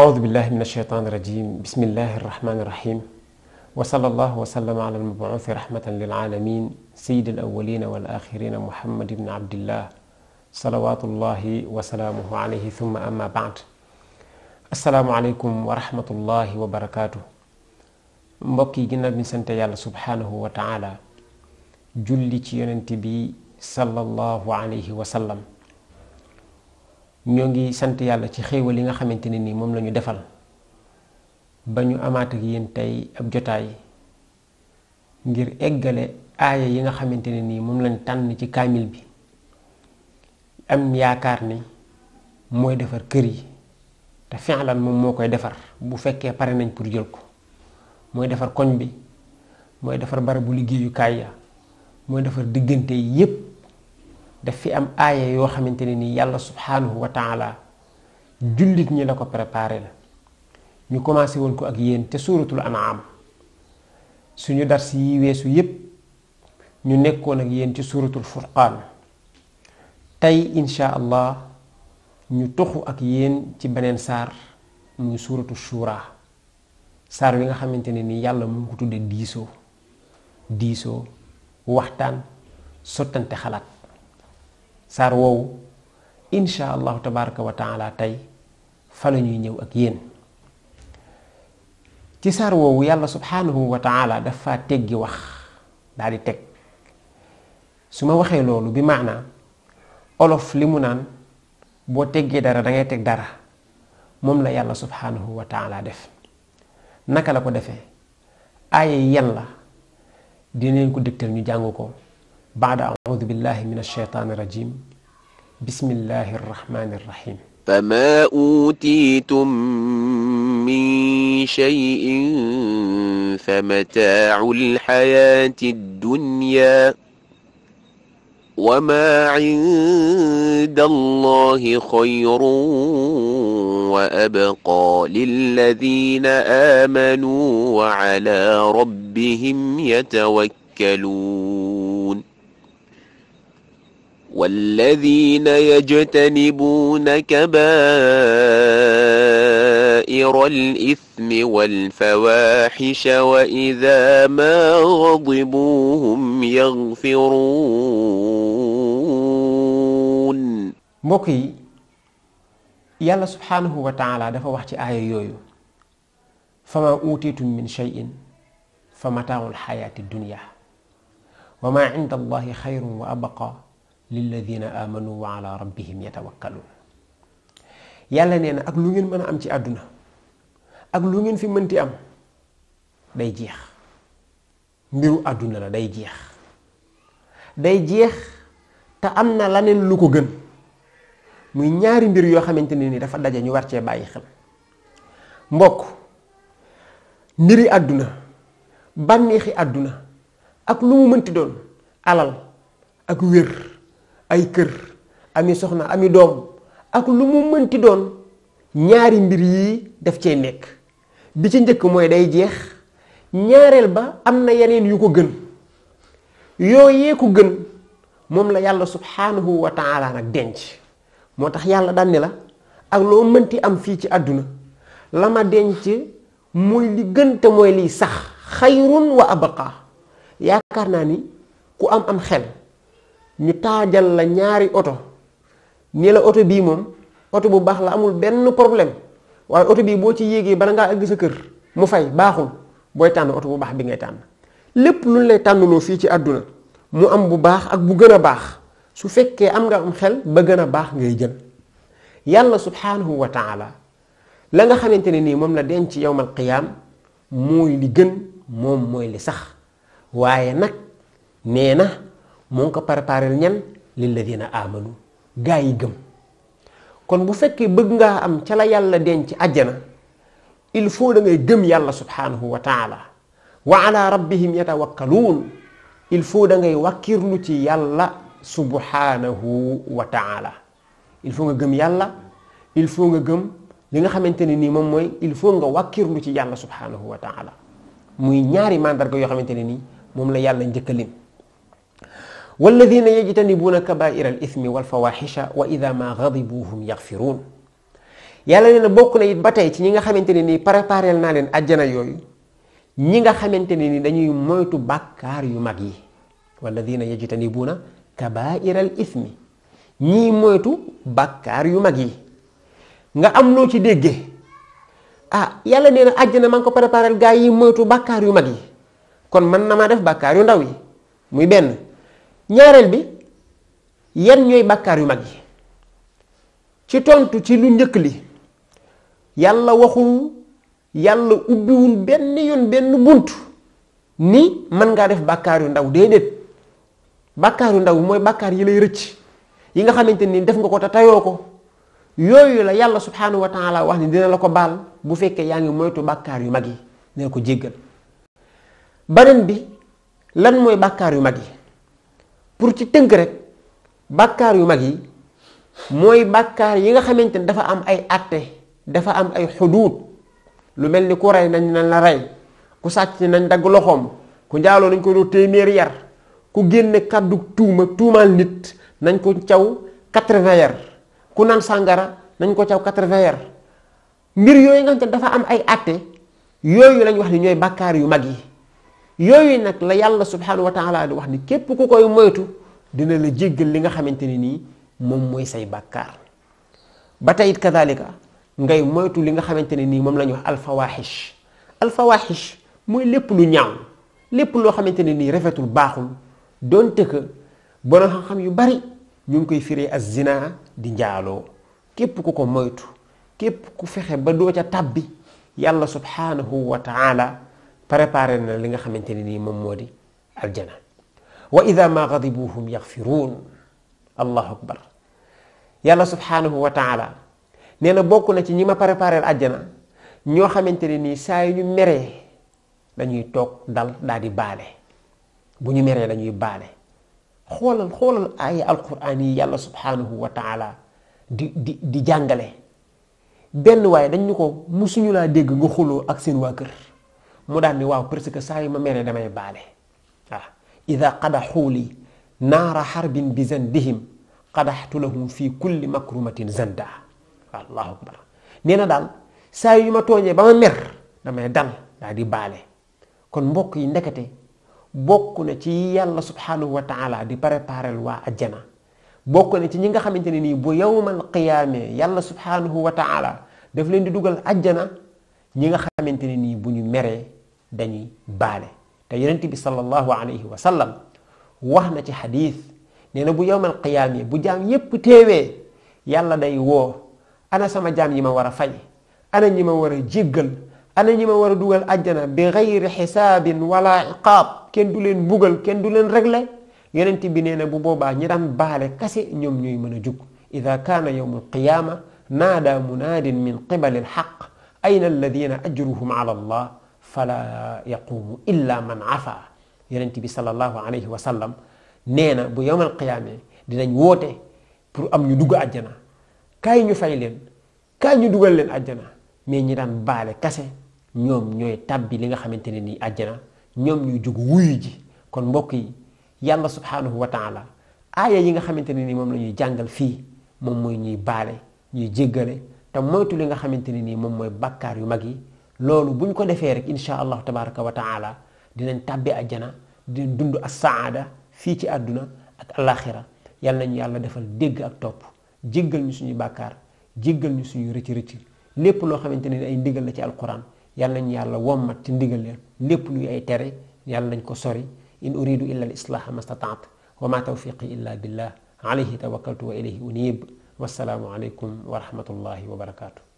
أعوذ بالله من الشيطان الرجيم بسم الله الرحمن الرحيم وصلى الله وسلم على المبعوث رحمة للعالمين سيد الأولين والآخرين محمد بن عبد الله صلوات الله وسلامه عليه ثم أما بعد السلام عليكم ورحمة الله وبركاته مبكي جنة بن سنت الله سبحانه وتعالى جلتي ينتبي صلى الله عليه وسلم ñoo ngi sant yàlla ci xéewal yi nga xamante ne nii moom la defal ba ñu amaat ak yéen tey ab jotaay ngir eggale aaya yi nga xamante ne nii moom lañ tànn ci kaamil bi am yaakaar ni mooy defar kër yi te fi'lan moom moo koy defar bu fekkee pare nañ pour jël ko mooy defar koñ bi mooy defar barabu liggéeyukaay ya mooy defar diggante yi yépp daf fi am aaya yoo xamante ne nii yàlla subhaanahu wa taala jullit ñi la ko préparé la ñu commencé woon ko ak yéen te suuratul anaam suñu dars yi weesu yépp ñu nekkoon ak yéen ci suuratul furqaan tey insha allah ñu toxu ak yéen ci beneen saar muy suuratu shura saar wi nga xamante ne nii yàlla mu ngi ko tudde diisoo diisoo waxtaan sottante xalaat saar woowu insha allahu tabaraka wa tey fa la ñuy ñëw ak yéen ci saar woowu yàlla subhanahu wa taala dafa teggi wax daal di teg su ma waxee loolu bi maanaa olof li mu naan boo teggee dara dangay teg dara moom la yàlla subhanahu wa taala def naka la ko defee aaye yan la dinañ ko dëgtal ñu jàng ko بعد أعوذ بالله من الشيطان الرجيم بسم الله الرحمن الرحيم فما أوتيتم من شيء فمتاع الحياة الدنيا وما عند الله خير وأبقى للذين آمنوا وعلى ربهم يتوكلون والذين يجتنبون كبائر الإثم والفواحش وإذا ما غضبوا هم يغفرون مكي يالا سبحانه وتعالى دفع وحتي آية يويو فما أوتيتم من شيء فمتاع الحياة الدنيا وما عند الله خير وأبقى lilladhina amanu wa ala rabbihim yatawakkalun yàlla nee na ak lu ngeen mën a am ci àdduna ak lu ngeen fi mënti am day jeex mbiru àdduna la day jeex day jeex te am na laneen lu ko gën muy ñaari mbir yoo xamante ne ni dafa daje ñu war cee bàyyi xel mbokk mbiri àdduna bànneexi àdduna ak lu mu mënti doon alal ak wér ay kër ami soxna ami doom ak lu mu mënti doon ñaari mbir yii def cee nekk bi ci njëkk mooy day jeex ñaareel ba am na yeneen yu ko gën yooyee ko gën moom la yàlla subhaanahu wa taala nag denc moo tax yàlla daan ne la ak loo mënti am fii ci àdduna la ma denc mooy li gën te mooy liy sax xayrun wa abqa yaakaar naa ni ku am am xel ñu taajal la ñaari oto ne la oto bii moom oto bu baax la amul benn problème waaye oto bii boo ci yéegee bala ngaa àgg sa kër mu fay baaxul booy tànn oto bu baax bi ngay tànn lépp lu lay lay tànnaloo fii ci àdduna mu am bu baax ak bu gën a baax su fekkee am nga am xel ba gën a baax ngay jën yàlla subhaanahu wa taala la nga xamante ne nii moom la denc yowmal qiyaam mooy li gën moom mooy li sax waaye nag nee na moo ngi ko préparé ñan lilladina amanu gaa yi gëm kon bu fekkee bëgg nga am ca la yàlla ci àjjana il faut da ngay gëm yàlla subhanahu wa taala wa ala rabbihim yatawakkaluun il faut da ngay wàkkirlu ci yàlla subhanahu wa taala il faut nga gëm yàlla il faut nga gëm li nga xamante ni nii moom mooy il faut nga wàkkirlu ci yàlla subhanahu wa taala muy ñaari mandarga yoo xamante ne nii moom la yàlla njëkkalim walla walladina yajtanibuuna kabaira al ithmi wal fawaxisha wa ida ma gadibu hum yaxfiruun yàlla nee na bokk na it ba tey ci ñi nga xamante ne nii préparel naa leen àjjana yooyu ñi nga xamante ne ni dañuy moytu bàkkaar yu mag yi walladina yajtanibuuna kabaira al ithmi ñii moytu bàkkaar yu mag yi nga am loo ci déggee ah yàlla nee na àjjana ko préparel gaa yi moytu bakkaar yu mag yi kon man na maa def bakkaar yu ndaw yi muy benn ñaareel bi yan ñooy bàkkaar yu mag yi ci tontu ci lu njëkk li yàlla waxul yàlla ubbiwul benn yoon benn bunt ni man ngaa def bàkkaar yu ndaw den bàkkaar yu ndaw mooy bàkkaar yi lay rëcc yi nga xamante ni def nga ko te tayoo ko yooyu la yàlla subhanahu wa taala wax ni dina la ko baal bu fekkee yaa ngi moytu bàkkaar yu mag yi dina ko jéggal beneen bi lan mooy bàkkaar yu mag yi pour ci tënk rek bàkkaar yu mag yi mooy bàkkaar yi nga xamante ne dafa am ay àtte dafa am ay xuduud lu mel ni ku rey nañ nañ la rey ku sàcc nañ dagg loxoom ku njaaloo nañ ko doo téeméeri yar ku génne kàddu tuuma tuumaal nit nañ ko caw quatre-vingts yar ku naan sàngara nañ ko caw quatre-vingts yar mbir yooyu nga xamante ne dafa am ay àtte yooyu lañ wax ni ñooy bàkkaar yu mag yi yooyu nag la yàlla subhanahu wa taala di wax ni képp ku koy moytu dina la jéggal li nga xamante ne nii moom mooy say bàkkaar ba tey it kadalika ngay moytu li nga xamante ne nii moom la ñuy wax alfawaxish alfawaxish mooy lépp lu ñaaw lépp loo xamante ne nii rafetul baaxul donte que borom xam-xam yu bari ñu ngi koy firee as zina di njaaloo képp ku ko moytu képp ku fexe ba doo ca tàbbi yàlla subhanahu wa taala préparé na li nga xamanteni ni mom modi aljana wa idha ma ghadibuhum yaghfirun. allah allahu akbar yalla subhanahu wa taala neena bokku na ci ñima ma préparé aljana ño xamanteni ni say ñu méré dañuy tok dal dari di baale bu ñu méré dañuy balé xolal xolal ay alquran yi yalla subhanahu wa taala di di di jangalé ben way dañ ñuko musuñu la dégg nga ak seen wa kër mu daan ni waaw parce que saa yi ma meree damay baale waaw ida qadaxuu li naara xarbin bi zandihim qadaxtu lahum fi kulli makrumatin zanda waaw allahu akbar nee na daal saa yu ma tooñee ba ma mer damay dal daal di baale kon mbokk yi ndekete bokk na ci yàlla subhanahu wa taala di préparel waa ajjana bokk na ci ñi nga xamante ne nii bu yawmal qiyaamee yàlla subhanahu wa taala daf leen di dugal ajjana ñi nga xamante nii bu ñu meree dañuy baale te yonent bi sallallahu alayhi wa sallam wax na ci xadiis nee na bu yowmal qiyaam bu jaam yépp teewee yàlla day woo ana sama jaam yi ma war a fay ana ñi ma war a jéggal ana ñi ma war a dugal àjjana bi gayri xisaabin wala iqaab kenn du leen bugal kenn du leen réglé yonent bi nee na bu boobaa ñi daan baale kase ñoom ñooy mën a jug ida kaana yowmu alqiyaama naada munaadin min qibali alxaq ayna alladina ajruhum ala allah fala yaqumu illa man afa yonent bi sallallahu alayhi wa sallam neena bu yowmal qiyamé dinañ wote pour am ñu dugg aljana kay ñu fay leen kay ñu duggal leen aljana mais ñi daan baale kase ñoom ñooy tabbi li nga xamanteni ni aljana ñoom ñuy jug wuyu ji kon mbokk yi yalla subhanahu wa taala aya yi nga xamanteni ni mom lañuy jangal fi mom moy ñuy baale ñuy jéggalé te moytu li nga xamanteni ni mom moy bakkar yu mag loolu buñ ko defee rek insha allahu tabaraka wa taala dinañ tàbbi ajjana di dund as saada fii ci àdduna ak alaxira yàlla nañu yàlla defal dégg ak topp jéggal ñu suñu bàkkaar jéggal ñu suñu rëcc rëcc lépp loo xamante ne ay ndigal la ci alquran yàlla nañu yàlla wommat ci ndigal leen lépp luy ay tere yàlla nañ ko sori in uridu illa al islaha ma stataat wa ma tawfiqi illa billah alayhi tawakkaltu wa ilayhi unib والسلام عليكم ورحمه الله وبركاته